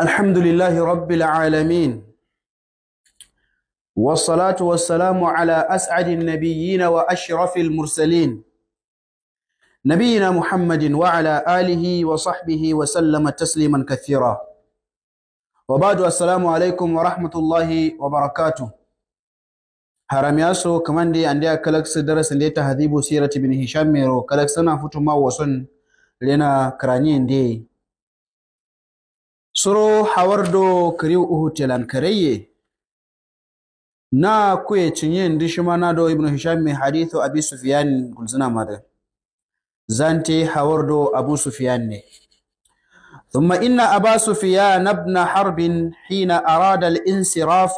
الحمد لله رب العالمين والصلاة والسلام على أسعد النبيين وأشرف المرسلين نبينا محمد وعلى آله وصحبه وسلم تسليما كثيرا وبعد السلام عليكم ورحمة الله وبركاته haram ya so kaman dai an da kalaksa darasin da ta hadibu sirati bin hisham mero kalaksa na fito ma wason lena kranyen dai soro hawardo kariu uhu telan kareye na kuye cinye ndishima nado ibnu hisham mi hadithu abi sufyan gulzina made zanti hawardo abu sufyan ne ثم إن harbin سفيان بن حرب حين أراد الانصراف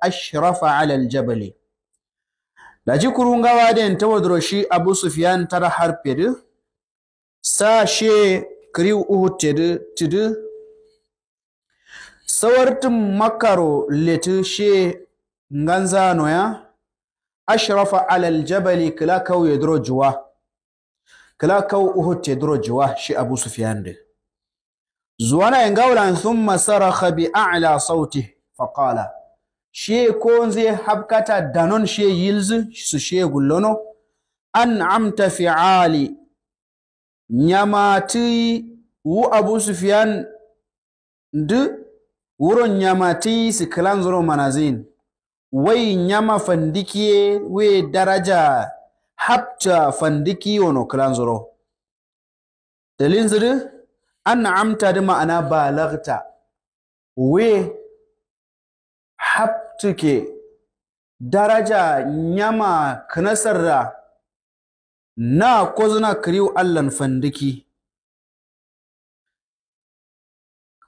ashrafa على الجبل daji kurunga waden tawadro shi abu sufyan tara harpedu sa she kriu uhu tidu sawartin makaro letushe nganza noya ashrafa alal jabali kila kau yedro juwa kila kau juwa shi abu sufyan de zuwana ngawla thumma saraha bi a'la sauti faqala shi konze habkata danon shi yilz su shi gullono an amta fi ali nyamati wu abu sufyan ndu wuro nyamati sikilan zoro manazin wai nyama fandikie we daraja hapta fandiki wono kilan zoro dalin ziri an amta da ma'ana balagta we haptuke daraja nyama kanasarra na kozuna kiriw allan fandiki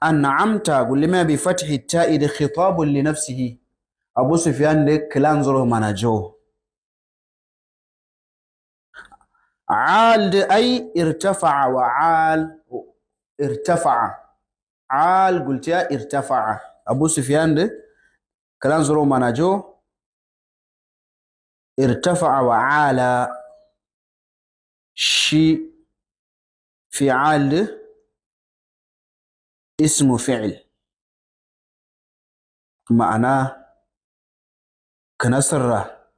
an'amta gullima bi fathi ta'id khitabun li nafsihi abu sufyan de clan zoro manajo al de ay irtafa'a wa al irtafa'a al gultiya irtafa'a abu sufyan de clan zoro manajo irtafa'a wa ala shi fi'al ismu fi'il ma'ana kanasara nasarra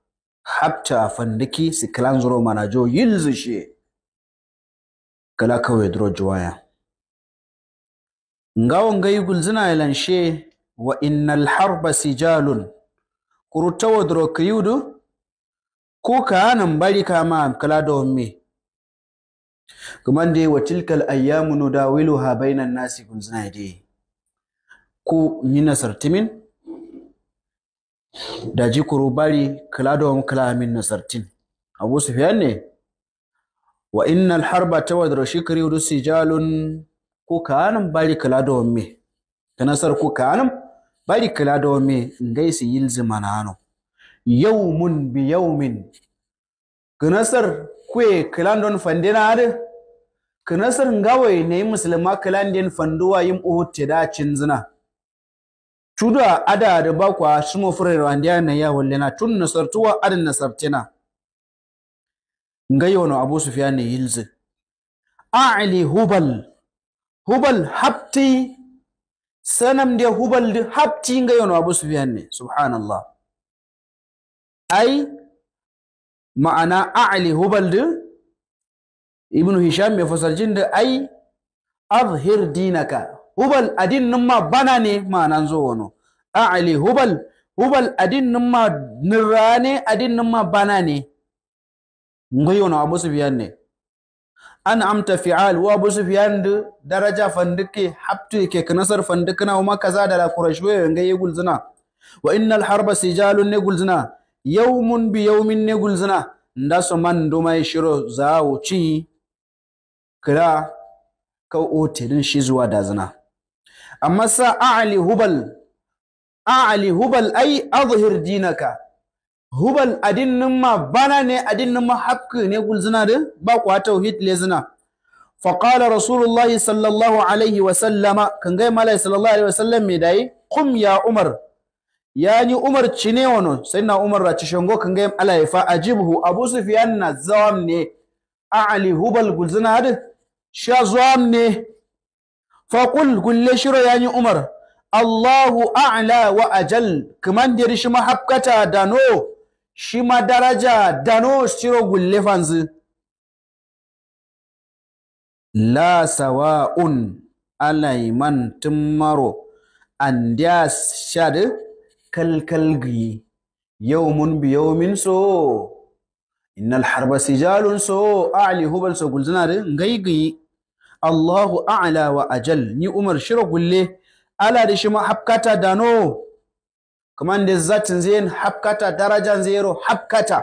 habta fandiki si kalanzuro manajo yilzishe kala kawai duro juwaya ngawon gai gulzina ilanshe wa innal harba sijalun kurutawa kiyudu kuka nan bari kama kala da me kamar da wa tilkal ayyamu nudawiluha bainan nasi kun zina dai ku mina sartimin da ji kuro bari kula da wani kula min na sartin abu sufiyan ne wa inna harba ta wadda shikari rusi jalun ku kanin bari kula da wani ta nasar ko kanin bari kula da wani gaisi na yau mun bi ga nasar kwe kilandon fandina ade kinasir ngawai ne musulma kilandin fanduwa yim uhu tida cinzina chuda ada da kwa shimo fure randiya na ya wallena tun nasartuwa adin nasartina ngayo no abu sufyan ne yilzi a'li hubal hubal hapti sanam da hubal hapti ngayo no abu sufyan ne subhanallah ai ma'ana a'li hubaldi ibnu hisham ya jin da ai azhir dinaka hubal adin nin ma bana ne ma'anan zo wano a'li hubal hubal adin ma nira ne adin ma bana ne ngoyo na abu sufyan ne an amta fi'al wa abu sufyan da daraja fandike habtu e ke kanasar na wa kaza da la quraish e ngai yanga yegulzina wa innal harba sijalun ne gulzina yawmun bi yawmin ne gulzina nda su man duma shiro zawo ci kira ka otelin shi zuwa da zina. amma sa a'li hubal a'li hubal ai azhir dinaka hubal adinnin ma bana ne adinnin ma hakki ne gulzina din ba ku hata wuhit le zina فقال رسول الله صلى الله عليه وسلم كان جاي مالا صلى الله عليه وسلم ميداي قم يا عمر Ya yi umar cine sai na umar ra cishengo kangayem ala yefa buhu, abu su sufyan na a ali hubal guzina hadi sha ne fakul gulle shiro ya yi umar allahu a'la wa ajal kamandir shima hapkata dano shima daraja dano shiro gulle fanzu la sawa'un alaiman an andias shadi kalkalgi mun bi min so innal harba sijalun so a'li hubal so gulzana gaigi Allahu a'la wa ajal ni Umar shiro gulle ala da shi ma hafkata dano kaman da zatin zai hafkata darajan zero hafkata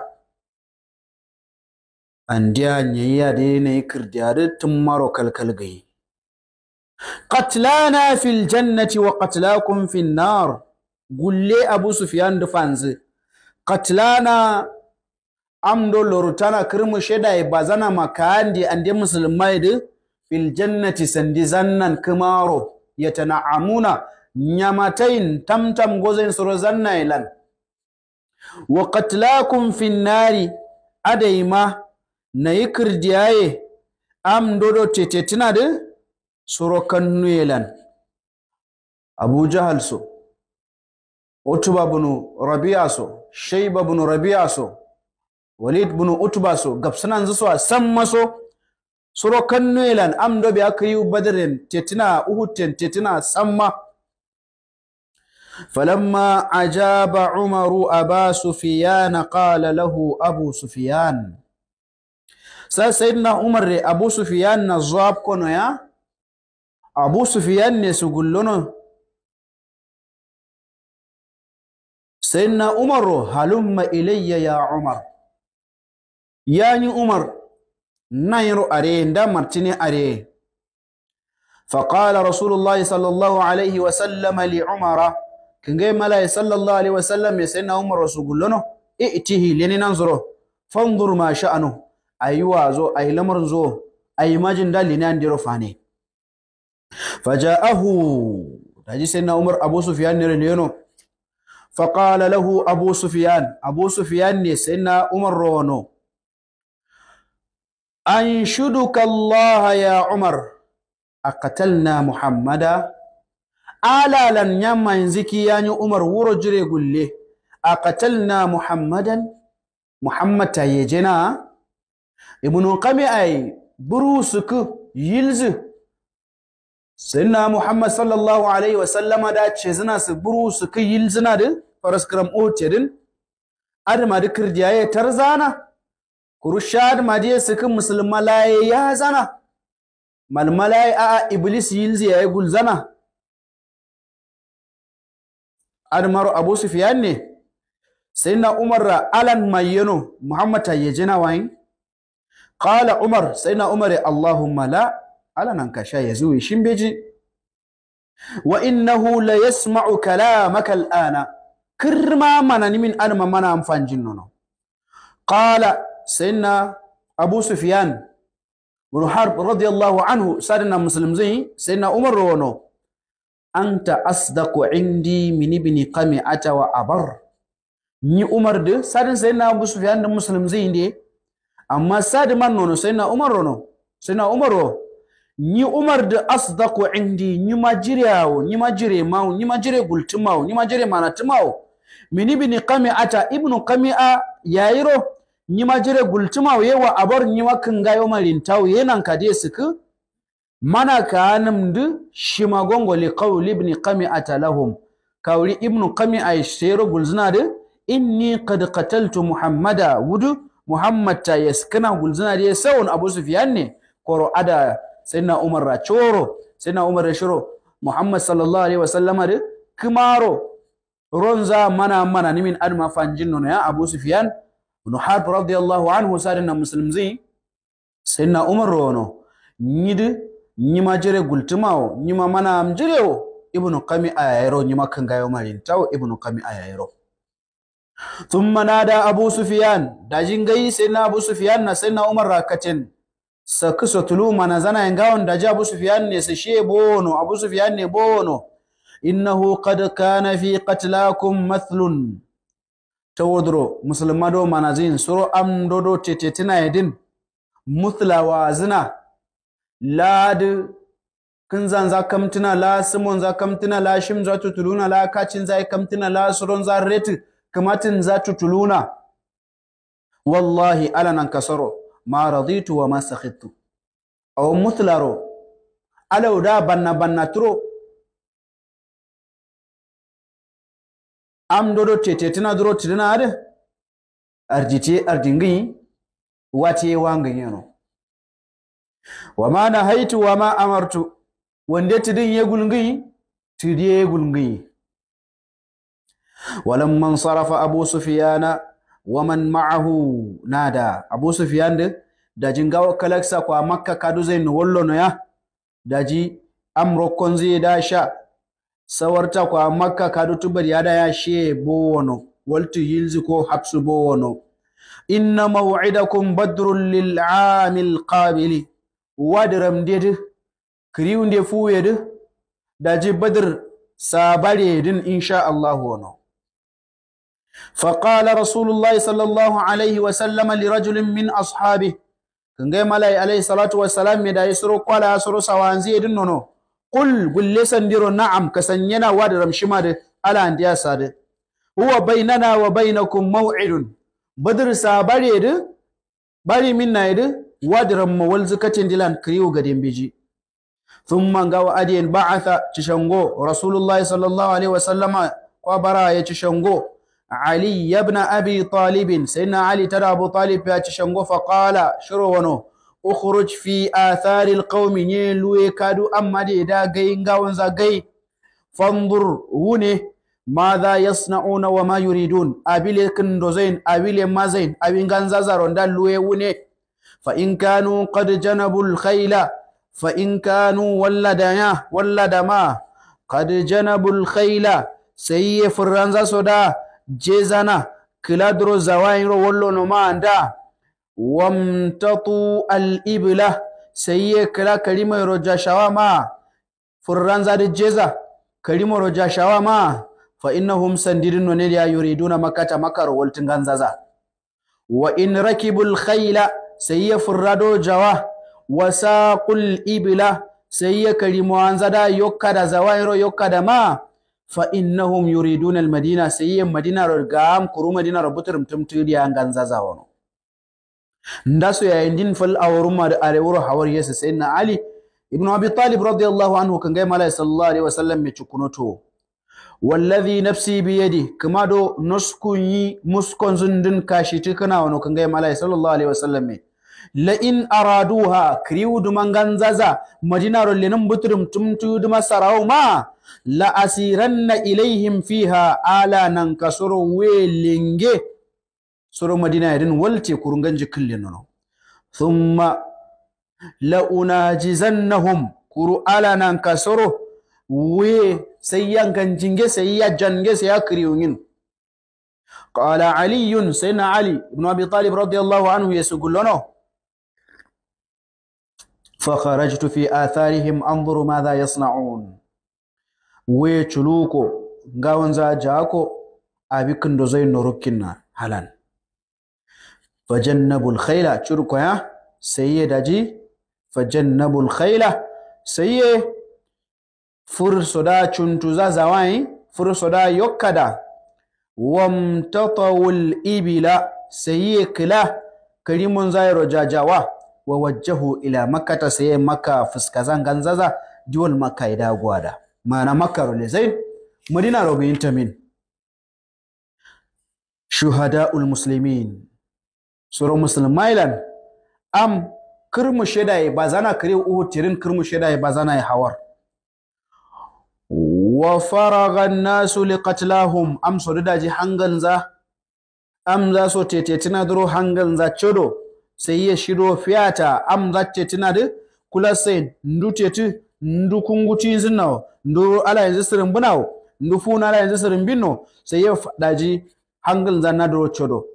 an diya nyayya da yanayi kirdiyar tun maro na قتلانا في الجنة وقتلاكم في النار gulle abu sufiyan da fanzi katlana amdo lorutana kirmu sheda e bazana makandi ande musulmai du fil jannati sandi zannan kimaro yatana'amuna nyamatain tamtam gozen soro zanna ilan wa katlakum finnari nari adaima na yi kirdiyaye am dodo tete tina kannu sorokan lan. abu jahal so utuba bunu rabia so shaiba bunu rabia so walid bunu utuba so gabsana nzuso asam maso suro kannuelan amdo bi akayu badrin tetina uhuten tetina samma falamma ajaba umaru aba sufiyana qala lahu abu sufiyan sa sayyidina umar re abu sufiyan na zuwa kono ya abu sufiyan ne su gullono sai na umaru halumma ilayya ya umar ya yi umar na yi ru'are da martini are faƙala rasulullah sallallahu alaihi wasallama li umara kin gai malaye sallallahu alaihi wasallam mai sai na umar su gullono i'tihi lini nan zuro fanzur ma sha'anu ayi wazo ayi lamarin zo ayi majin da lini an diro fane faja'ahu ta sai na umar abu sufiyan ne yano faƙala lahu abu sufiyan abu sufiyan ne sai na umar rono an shuduka Allah ya umar a katalna muhammada alalan yamma yanziki yani umar wuro jire gulle a katalna muhammadan muhammad ta yejena ibnu kami ay burusuku yilzu Sayyidina Muhammad sallallahu alaihi wa sallama da ce zina su buru su kai yil zina din faraskaram ote din adama da kirdiya ya tar zana kurusha adama da su Musulma musulmala ya zana malmala ya a iblis yil ziya ya gul zana adama ro abu sufiyan ne sayyidina umar ra alan mayyano muhammad ta yajina wayin qala umar sayyidina umar ya allahumma la Alanan alanankasha yazue shimbeji wa innahu la yasma'u kalamaka al'ana kirma mana nimin alma mana amfanjin nono qala sayyidina abu sufyan ibn harb radiyallahu anhu sadina muslim zai sayyidina umar rono anta asdaqu indi min ibni qami'ata wa abar ni umar de sadin sayyidina abu sufyan da muslim zai inde amma sadi man nono sayyidina umar rono sayyidina umar rono Ni umar da asdaku indi ni majiriyawo ni jire mawo ñima jire ni ñima jire mini min ibni ata ibnu a yayiro ni jire gultumawo yewa abor ñima kingayo marintawo yenan kade suku mana kanimdi shimagongo li qawli ibni ata lahum kawri ibnu kami'a seyro gulzinade inni qad qataltu muhammada wudu muhammad ta yaskina gulzinade sewon abu sufyan ne koro ada ಸೆನ್ನ ಉಮರ್ ರ ಚೋರು ಸೆನ್ನ ಉಮರ್ ಶುರು ಮೊಹಮ್ಮದ್ ಸಲ್ಲಾ ಅಲಿ ವಸಲ್ಲಮ ಕಿಮಾರೋ ronza mana mana nimin adma fanjin nono ya abu sufyan no harb radiyallahu anhu sarin na muslimzi senna umar rono nyidi nyima jere gultimao nyima mana amjereo ibnu kami ayayro nyima kangayo marintao ibnu kami ayayro thumma nada abu sufyan dajin gai senna abu sufyan na senna umar rakatin sakiso na zana da ji abu sufyan ne sashe bono abu sufyan ne bono innahu qad na fi qatlakum mathlun wadro musulma do manazin suro am dodo tetetina yedin muthla wa zina lad kin zan za kamtina la simon za kamtina la shim za tutuluna la kacin za kamtina la suron za reti kamatin za tutuluna wallahi alanan kasaro ma raditu wa ma sakhitu aw mutlaro alaw da banna banna tro am dodo tete tina doro tina ade arjite ardingi wati wangi yano wa ma nahaitu wa ma amartu wande tidin yegulngi gulngi tidiye gulngi walamman sarafa abu sufiyana waman ma'ahu nada abu sufyan da jingawo kalaksa kwa makka kadu no wollo no ya daji amro zai da sha sawarta kwa makka kadu tubar da ya she bowono waltu hilzi ko habsu bowono inna maw'idakum badrun lil amil qabili wadram dedu kriunde fuwedu daji badr sabare din insha Allah wono فقال رسول الله صلى الله عليه وسلم لرجل من أصحابه كنجي ملاي عليه الصلاة والسلام يدا يسرو قال أسرو سوانزي دنونو قل قل لسن ديرو نعم كسنينا واد شماد على أنتيا ساد هو بيننا وبينكم موعد بدر سابري يد بري منا يد واد وادرم والزكتين دلان كريو قديم بيجي ثم غاو أدين بعث تشنغو رسول الله صلى الله عليه وسلم وبرا يتشنغو Ali ibn Abi Sai na Ali tara Abu Talib ya ci shango fa qala shiru wano ukhruj fi athari alqawmi ne luwe kadu amma da da gai ngawon zagai fandur wune Ma madha yasnauna wa ma yuridun abile kindozain abile mazain abin ganza zaron dan luwe wune fa in kanu qad janabul khayla fa in kanu walladaya walladama qad janabul khayla sai ya furanza da. jezana kiladro zawayiro no manda wamtatu al ibla seyye kila kalimayoro jashawa ma furranzade jeza kalima jashawa ma fa innahum sandirinno nede ya yuriduna makkata makaro woltinganzaza wa in rakibul khayla seyye furrado jawa wasaqul ibla kalima anzada yokkada zawairo yokkada ma fa na hum yuri seyyen madina ror gam kuru madina ro buturum tumtuɗiya ganzaza wono ndaso yayin ndin fal awrumade are wuro hawar yeso seydna ali ibnu abi talib radiallahu anhu ko ngay malaye sallllahu alayhi wa sallam mi cukkunoto wallahi nafsi biyadi kama ɗo noskuyi muskon zundun kashi kana wano ko ngay malaye sallllahu wa sallam la'in araduha kriwud manganzaza madinaro lenum buturum tumtud masarawma la asiranna ilaihim fiha ala nan kasoro welenge soro madina yadin walte kurunganji killenono thumma la unajizannahum kuru ala nan kasoro we sayyankancinge sayyajange saya kriwungin qala aliyun sayna ali ibn abi talib radiyallahu anhu yesugulono فخرجت في آثارهم أنظر ماذا يصنعون ويشلوكو غاونزا جاكو أبي كندوزي نوركنا حالان فجنب الخيلة شركو يا سيدا جي فجنب الخيلة سيدا فرصدا چنتوزا زواني فرصدا يوكدا وامتطوا الإبلا سيدا كلا كريمون زايرو جاجاوا wa wajjahu ila makkata sai makka fuskazan ganzaza diwal makka ida gwada mana makka zai madina rogo ul shuhada'ul tsoron suro lan, am kirmu shedai bazana kire uhu tirin kirmu ya bazana hawar wa faraga nasu liqatlahum am sododaji za am za so tetetina duro za chodo seiye shiro fiyata am zatteti nadi kula said ndu teti ndu kunguti zinna ndu ala yanzu sirin bunawo ndu funa ala yanzu sirin binno ya fadaji hangal zanna do chodo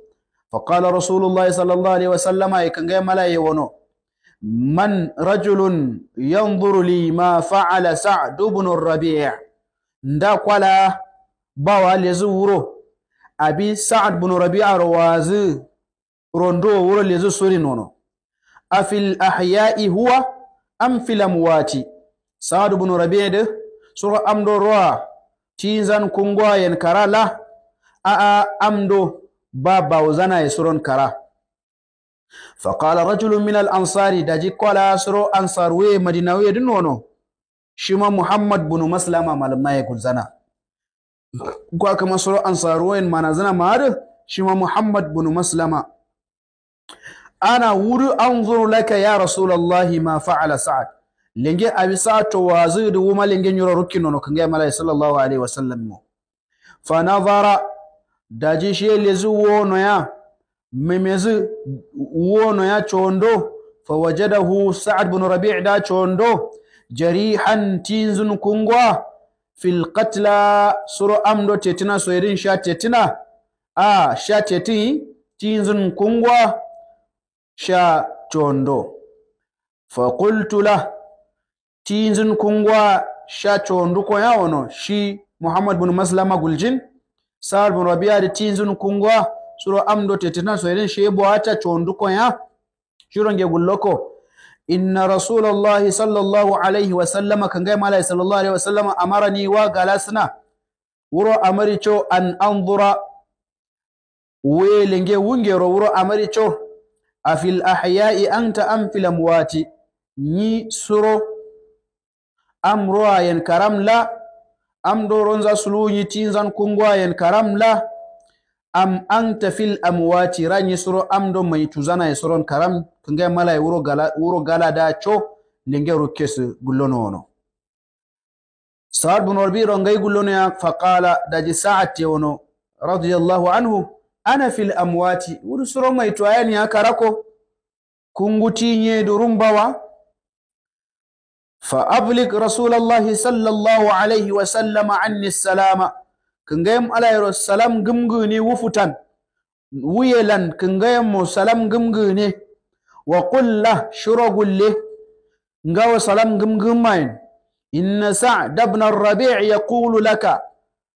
qala rasulullahi sallallahu alaihi wasallama kanga malaye wono man rajulun yanzuru li ma fa'ala sa'd ibn rabi' nda kwala bawa lezu wuro abi sa'd ibn rabi'a rawazi rondo wuro lezu suri nono afil ahya'i huwa am fil amwati sa'd ibn rabi' de sura amdo roa tinzan kungwa yen karala a a amdo baba uzana e suron kara faqala rajulun min al ansari daji kola suro ansar we madina we din nono shima muhammad ibn maslama malma ya kuzana kwa kama suro ansar we manazana mar shima muhammad ibn maslama ana wuri zuru laka ya rasulallah ma fa'ala sa'ad lenge abi sa'to wazir wuma linge nyoro rukino no kange malai sallallahu alaihi wasallam mo fa nazara daji she lezu wono ya memezu wono ya chondo fa wajadahu sa'ad bin rabi' da chondo jarihan tinzun kungwa fil qatla suru amdo tetina soyirin sha tetina a sha tetin tinzun kungwa sha condo fa qultu lah tinzun kungwa sha condo ko yawono shi muhammad bin maslama guljin sa'ad bin rabia da tinzin kungwa suro amdo tetina so eden bo ata condo ko ya shiro nge gulloko inna rasulullahi sallallahu alaihi sallama kan gai malai sallallahu alaihi wa wasallama amarani wa galasna wuro cho an anzura lenge wungero wuro cho afil ahya'i ta am fila amwati ni suro am ruwayen karamla am doronza suluñi tinzan kungwayen karamla am ta fil amwati ranyi suro am don mai tuzana e soron karam kunge malay wuro wuro gala da co linge ro su gullono wano sa'ad bin urbi rongai gullono ya ji daji sa'at wano radiyallahu anhu ana fil amwati uri soromaitwayani akarako kungutinye durumbawa fa ablik rasulallah sallallahu alaihi wa sallama anni salama kengayem alayro salam gumguni wufutan wuyelan kengayem mo salam gumgune. wa qul gulle. shurogulle ngawa salam gumgumayin inna sa'd ibn rabi' yaqulu laka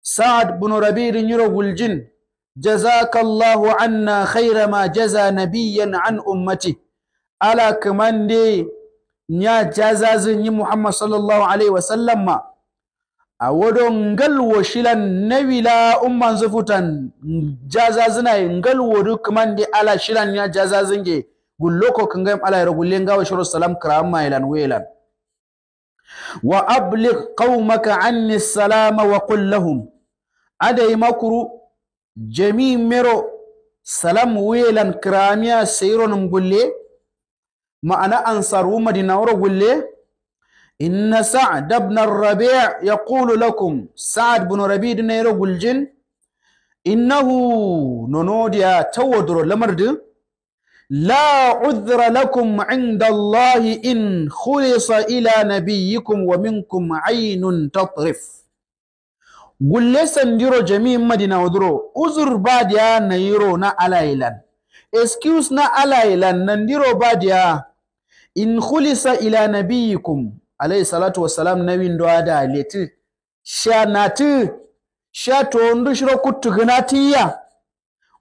sa'd ibn rabi' nyurogul guljin. جزاك الله عنا خير ما جزى نبيا عن أمته على كمان دي نيا جزازن محمد صلى الله عليه وسلم awodon ngalwo shilan nawila umman zufutan jazazina ngalwo duk mandi ala shilan ya jazazinge gulloko kangam ala ya gullen gawa shiru salam karam mailan welan wa abligh qaumaka anni salama wa qul lahum adai makru jamii mero salam welan kiramiya seyronum gulle, ma'ana ansaru wuro gulle. inna sa'd ibn rabi' yaqulu lakum sa'd ibn rabi' dinayro guljin innahu nonodiya tawadro lamardu la udhra lakum inda allahi in khulisa ila nabiyyikum wa minkum aynun tatrif gulle sandiro jami'in madina wadro uzur badiya na yiro na alailan excuse na alailan nandiro badiya in khulisa ila nabiyikum alayhi salatu wassalam na do ada leti shanati shato ndushro kutugnatiya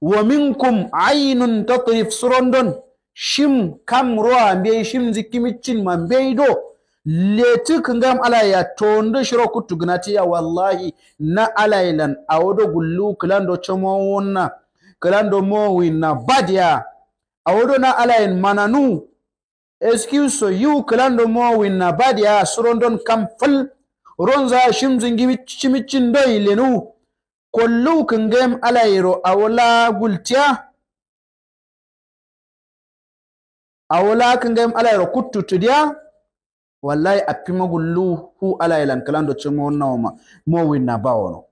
wa minkum aynun tatrif surondon shim kam roa mbe shim zikimicin mambeido leti kingam alaya tondo shiro gnati ya wallahi na alaylan awodo gullu klando chomo wonna klando mo winna badia awodo na alain mananu excuse you klando mo winna badia surondon kam fal ronza shimzingi chimichin doi lenu kollu kingam alairo awola gultia awola kingam kutu tudia wallahi fi magullu hu ala wani nawa naoma na ba. baono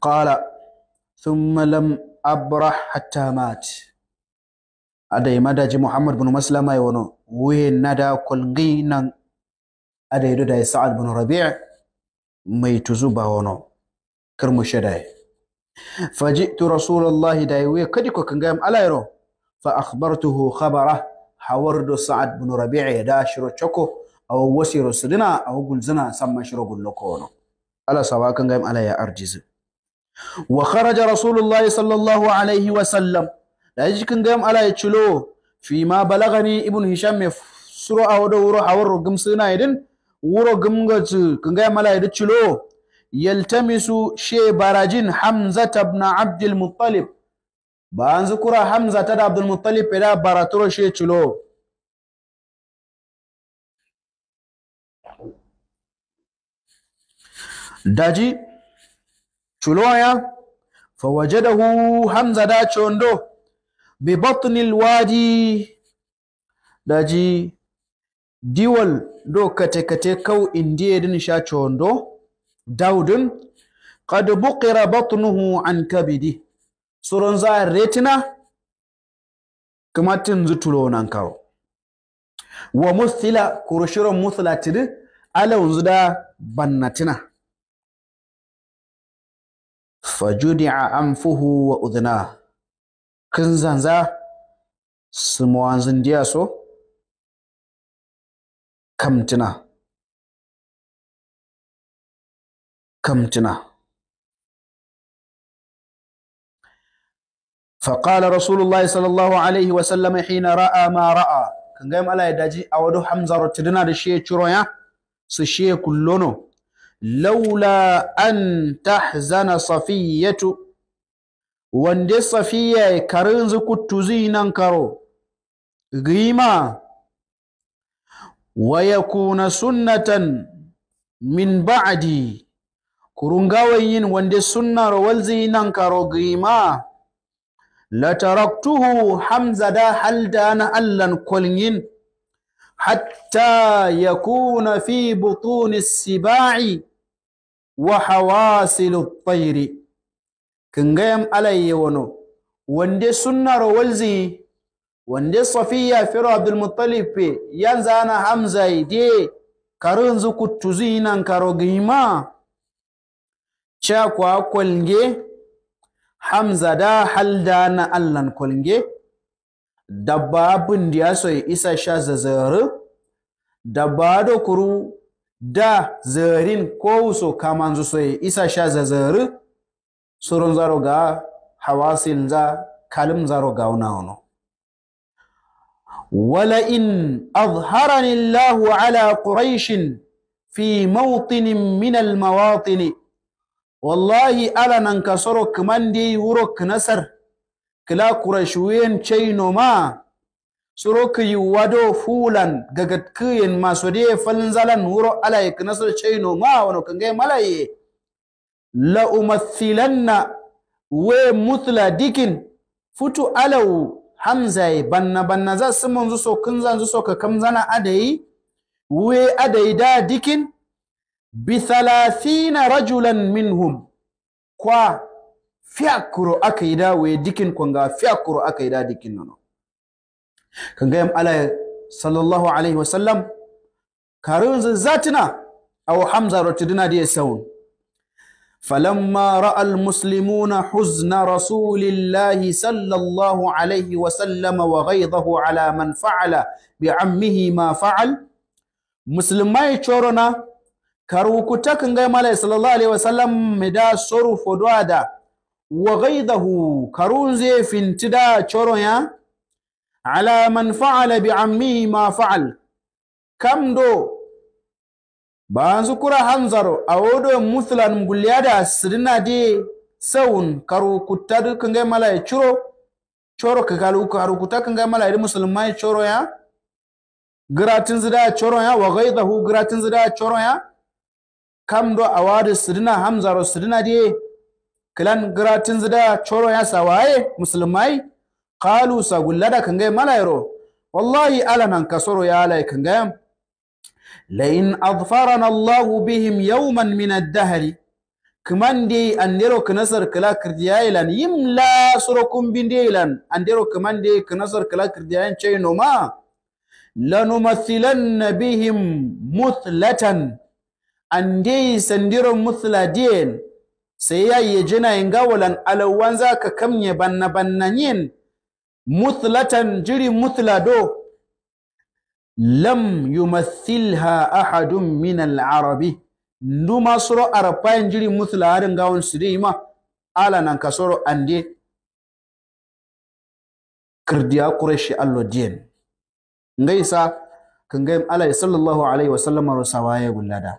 qala sun malam abrah hatta da aday madaji muhammad bin maslama yono na da kulgi nan aday do day sa'ad bin rabi' mai tuzu ba baono karmu faji faji'tu rasulullahi dai we kadi ko ma alayro fa akhbartuhu khabara Hawar do sa'ad bnu rabi'a da shiro choko aw wasiro sudina aw gulzina samma shiro gullo kono ala sawakan gaim ala ya arjiz wa kharaja rasulullah sallallahu alaihi wa sallam da jikin gaim ala ya chulo fi ma balagani ibn hisham me suro aw do wuro hawar gum suna idin wuro gum gatu kan gaim ala ya chulo yaltamisu she barajin hamza ibn abd al-muttalib ban zukura hamza ta da abdulmutallif da baratoro shi culo daji culo ya fawaje da hu hamza da condo bi batnil wadi daji diwal do kate kate kau indiye din sha condo daudun qad buqira batnuhu an kabidi a retina nan zutulonankaro wa musila kurushiro muthila tiri ala unzuda bannatina fajudi'a anfuhu wa su kinzanza simwanzindiya so kamtina kamtina فقال رسول الله صلى الله عليه وسلم حين رأى ما رأى كان قام على يداجي أودو حمزة رتدنا رشيه شرويا سشيه كلونو لولا أن تحزن صفية وندي صفية كرنز كتوزي ننكرو غيما ويكون سنة من بعدي كرنغاوين وندي سنة رولزي ننكرو غيما lataraktuhu hamza da haldana allan kulyin hatta ya kuna fi butunis siba'i wa hawasilu tsairi kin wande alayye wano wanda suna rawalzi wanda safiya firo abdulmuttalife yan zana hamza ide karin zukutu zinan karo gima cakwa kwalge hamza da halda na allan kolnge dabba bundiya ya isa sha da dabba do kuru da zarin kowuso kamanzu soy isa sha zazare surun zaro ga hawasil za kalim zaro ga unaono ولئن أظهرني الله ala قريش fi موطن minal mawatini. wallahi ala nan kasoro kumandi wuro knasar kila kurashuyen chaino ma suro ki wado fulan gagat kiyen falin falnzalan wuro ala knasar chaino ma wano gai malaye la umathilanna we muthla dikin futu alau hamzaye banna banna za sumun zuso kinzan zuso ka kamzana adayi we adayi da dikin bi thalathina rajulan minhum kwa fiakuro aka yi da waye dikin kwanga fiakuro aka yi da dikin nono kan gayam ala sallallahu alaihi wasallam karun zatina hamza فلما راى المسلمون حزن رسول الله صلى الله عليه وسلم وغيظه على من فعل بعمه ما فعل مسلمي تشورنا karukuta gai malai sallallahu alaihi wasallam meda soru fodwada wa ghaidahu karunze fintida choroya ala man fa'ala bi ammi ma fa'al kamdo banzu kura hanzaro awodo muthlan mguliada sirina de sawun karukutadu kangai mala churo choro kakalu karukuta kan gai malai musulmai choro ya gratin zida choro ya wa gaidahu gratin zida choro ya kamdo awadu sidina hamzaro sidina di kilan gratin zida choro ya sawaye musulmai qalu sagullada kange malayro wallahi alanan kasoro ya alay kange lain adfarana allahu bihim yawman min ad-dahr kimandi andero kinasar kila kirdiyailan yimla surokum bindeilan andero kimandi kinasar kila kirdiyain chaynoma lanumathilanna bihim muthlatan andeyi sandiro ya yi jina yejena inga walan alawanza ka kamye banna banna nyin muthlatan jiri muthla do lam yumathilha ahadun min alarabi nduma soro arapayin jiri muthla harin gawon dai ma. ala nan ka soro ande kirdiya kureshi allo diyen ngaisa kangayim alai sallallahu alaihi wasallam rusawaye gullada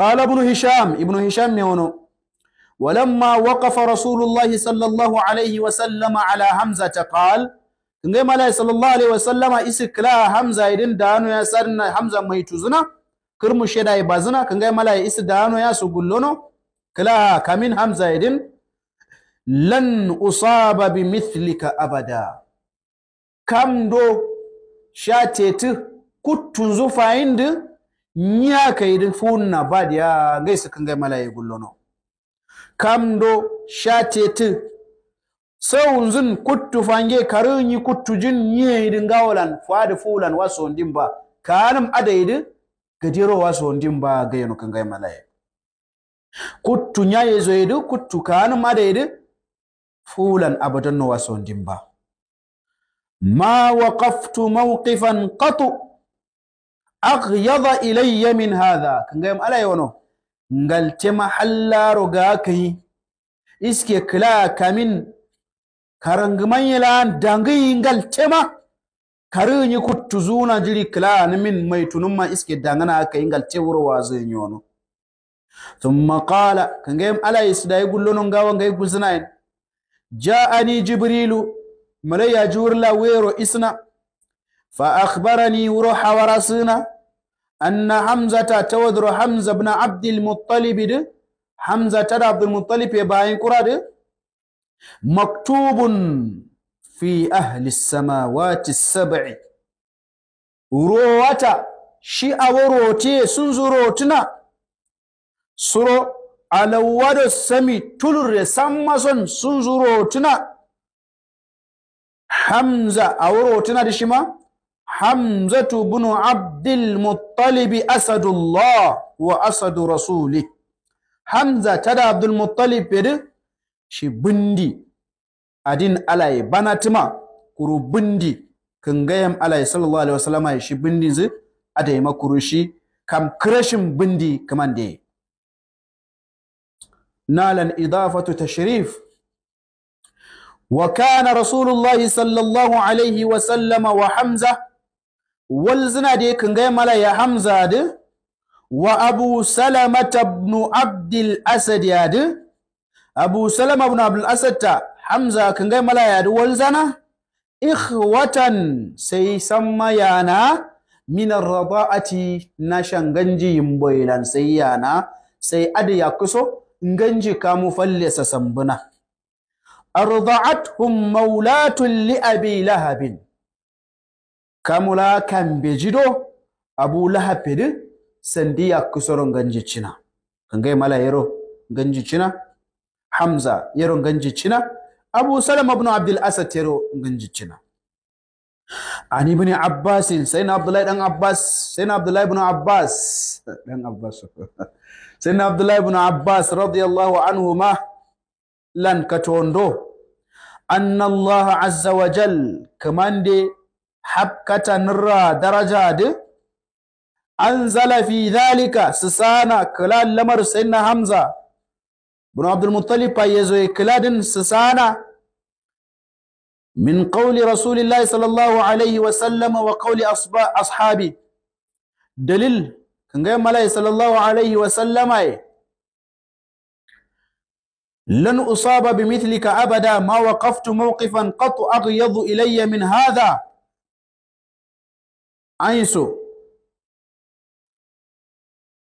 قال ابن هشام ابن هشام نيونو ولما وقف رسول الله صلى الله عليه وسلم على حمزة قال نجم الله صلى الله عليه وسلم إسكلا حمزة إذن دانو يا سرنا حمزة ما يتوزنا كرم شدا يبازنا كنجم الله إس دانو يا سقولونو كلا كمين حمزة إذن لن أصاب بمثلك أبدا كم دو شاتت كنت زفاين nya kayidi funna badia ngai ngai malaye gullono kamdo shateti saunzun kuttu fange karunyi kuttu jin nyedi gawalan fadi fulan waso ndimba kanam adaidi gadiro waso ndimba gayeno kangai malaye kuttu nyaye zoidi kuttu kanam adaidi fulan abadanno waso ndimba ma waqaftu mawqifan qatu aghyadha ilayya min hadha kan gayam ala yono ngal tema hallaro ga kai iske kla kamin karangman yilan dangi ngal ma karinyi kutuzuna jiri kla min mai tunumma iske dangana kai ngal tewro wazin yono thumma qala kan gayam ala isdai gullonon gawa ngai guzinain ja'ani jibrilu malaya jurla wero isna fa akhbarani wuro hawarasina أن حمزة تودر حمزة بن عبد المطلب ده حمزة تر عبد المطلب يباين قرأ مكتوب في أهل السماوات السبع روتا شي أوروتي سنزروتنا سرو على ورد السمي تلر سمسن سنزروتنا حمزة أوروتنا دشما hamzatu bunu abdul muttalibi asadullah wa asadu rasuli hamza tada abdul muttalib pedi shi bindi adin alay banatima kuru bindi kengayam alay sallallahu alaihi wasallam shi bindi zi aday makuru shi kam kreshim bindi kamande nalan idafatu tashrif وكان رسول الله صلى الله عليه وسلم وحمزه wal zina de kangay mala ya hamza di wa abu salama ibn abdul asad ya de abu salama ibn abdul asad ta hamza kangay mala ya de wal zana ikhwatan sai samma yana min ar-rada'ati na shanganji yimboylan sai yana sai adi ya kuso nganji kamu fallesa sambuna arda'athum maulatun li abi lahabin kamula kambe jido abu lahapedu sandiya kusoro nganjichina kangai mala yero cina, hamza yero nganjichina abu salam ibn abdul asad yero nganjichina Ani ibn abbas na abdullahi dan abbas sai na abdullahi ibn abbas dan abbas na abdullahi ibn abbas radiyallahu anhuma lan katondo anna allah azza wa jal kamande حبكة نرى درجة أنزل في ذلك سسانا كلا لمر سيدنا حمزة بن عبد المطلب بايزوي كلاد سسانا من قول رسول الله صلى الله عليه وسلم وقول أصحابي دليل كان غير ملاي صلى الله عليه وسلم أي لن أصاب بمثلك أبدا ما وقفت موقفا قط أغيض إلي من هذا an so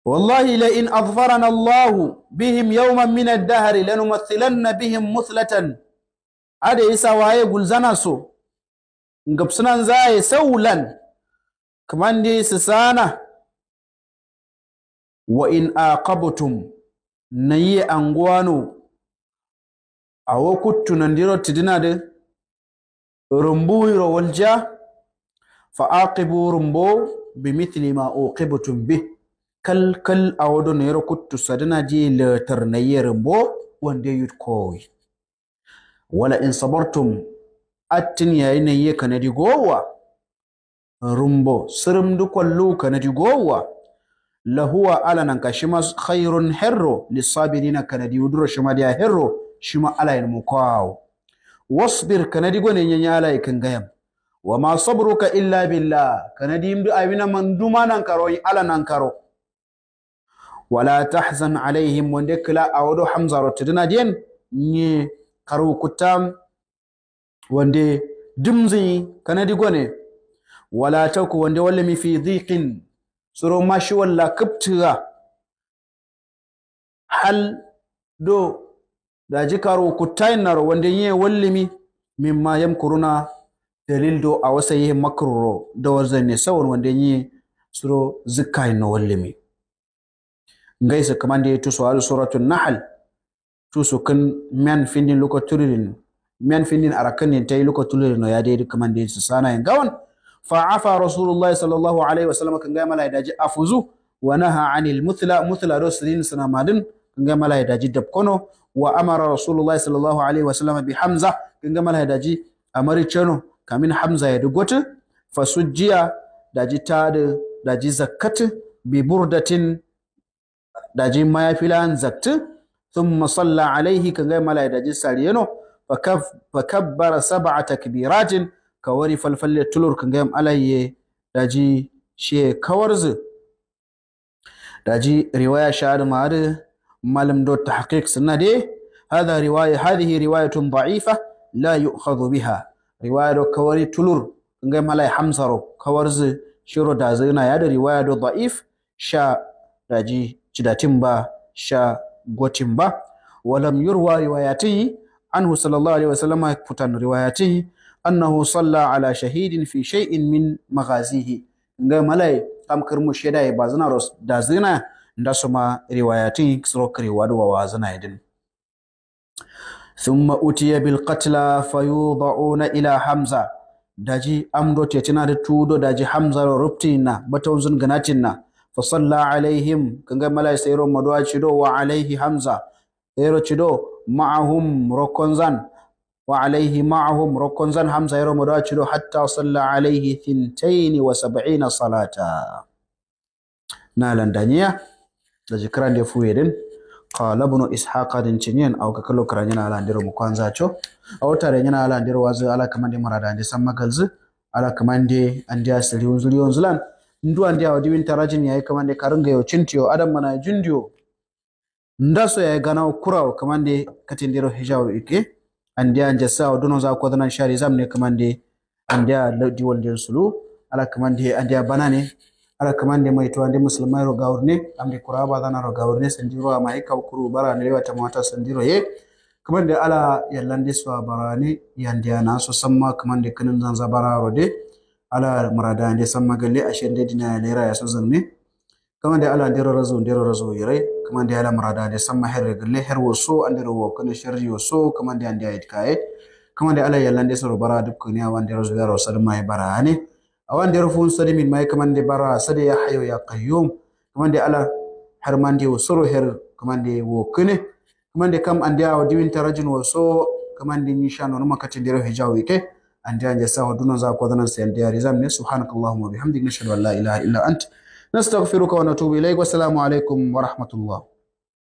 wallahi la in azfarana Allahu bihim yawman min ad-dahr lanumathilanna bihim muthlatan ada isa waye gulzana so ngapsunan zaye saulan su sisana wa in aqabtum nayi angwano awo kuttu nandiro tidinade rumbuyro walja Fa a ki bi wuro min bu bi mitini ma o tun bi kal-kal awa don yi kutu sadinan jiya na Naira Mbwai wande yi yutko. Wala in samartun attin ya yi nan iya Kanadi go? Rumbo, sirrimda kwallo Kanadi go? Lahu wa ala nanka shima hairan herra lissafi dina Kanadi wuduro shima da ya herra shima alayyanku ko. Wasu ɗirin Kanadi go ne ya yi alaye kan gaya. wa ma sabruka illa billah kanadi imdu awina manduma nan karo ala nan karo wala tahzan alaihim wonde kila awodo hamza rottudina dien ni karu kuttam wonde dumzi kanadi gone wala taku wonde walla mi fi dhiqin soro mashi walla kaptira hal do daji karu kuttainaro wonde ye wallimi mimma yamkuruna Dalil do a wasa ye makroro do wazane sawon wanda yi suro zikai no wallimi ngai sa kamande to so al suratul nahl to so kan men findin lokaturin men findin arakan ne tay lokaturin no ya dai kamande su sana yin gawan fa afa rasulullahi sallallahu alaihi wasallam kan ga mala daji afuzu wa naha anil muthla muthla rasulin sana madin kan ga mala daji dabkono wa amara rasulullahi sallallahu alaihi wasallam bi hamza kan ga mala daji amari chano kamin hamza ya digotu fasujjiya daji tadi daji zakkati bi burdatin masalla. mayafilan zakti thumma salla alaihi kangai malai daji sariyeno fakabbara sab'a takbiratin kawari falfalle tulur kangai malaye daji she kawarzu daji riwaya shahadu ma'adu malam do tahqiq sunna de هذا رواية هذه رواية ضعيفة لا يؤخذ بها riwaya do kawari tulur ngai malai hamsaro kawarzi shiro da zina ya da riwaya do da'if sha daji cidatin ba sha gotin ba walam yurwa riwayati anhu sallallahu alaihi wasallam kutan riwayati annahu salla ala shahidin fi shay'in min maghazihi ngai malai kam kirmu sheda e ba zina ros da zina ndasoma riwayati riwayatihi siro wa idin ثم أتي بالقتلى فيوضعون ila Hamza. daji amdo te tina da tudo daji hamza ro rupti na batun zun ganatin na fa salla alaihim kanga mala sai ro madwa chido wa alaihi hamza ero chido ma'ahum rokonzan wa alaihi ma'ahum rokonzan hamza ero madwa chido hatta salla alaihi thintain wa sab'ina salata na landanya daji kran de qala ibn ishaqa din chinyen aw ka kalo karanyana ala ndiro mukwanza cho tare, nyana ala ndiro wazo ala kamande marada ndi samagalzu ala kamande andi asiri unzuli unzulan ndu andi aw diwin tarajin ya kamande karunga yo chintiyo adam mana jundiyo ndaso yayi ganaw wa kamande katindiro hijaw ike andi anja saw dono za ko danan shari zamne kamande andi diwol den sulu ala kamande andi banane mai maitu ande musulmai ro gaurne amde kuraba dana ro gaurne sandiro ama heka kuru bara ne wata mata sandiro ye kamande ala yallande swa barane yande ana so samma kamande kanin zanza zabara ro de ala marada ande samma galle ashende dina lera ya so zanne kamande ala ndero razo ndero razo yire kamande ala marada ande samma herre galle her wo so ande ro kana sharri wo so kamande ande ayit kae kamande ala yallande so bara dukkan ya wande razo ya ro sadma e barane da rofun sani min kaman da bara sada ya hayo ya kaman kamande ala harmande wo soro her kamande wo kaman kamande kam da ande awo diwinta rajun na so kamande nyishano no jawo yake an ke ande anje sawa duno za ko sayan da ande rizam ne subhanakallahumma bihamdika na an la ilaha illa ant nastaghfiruka wa natubu ilayk wa salamu alaikum wa rahmatullah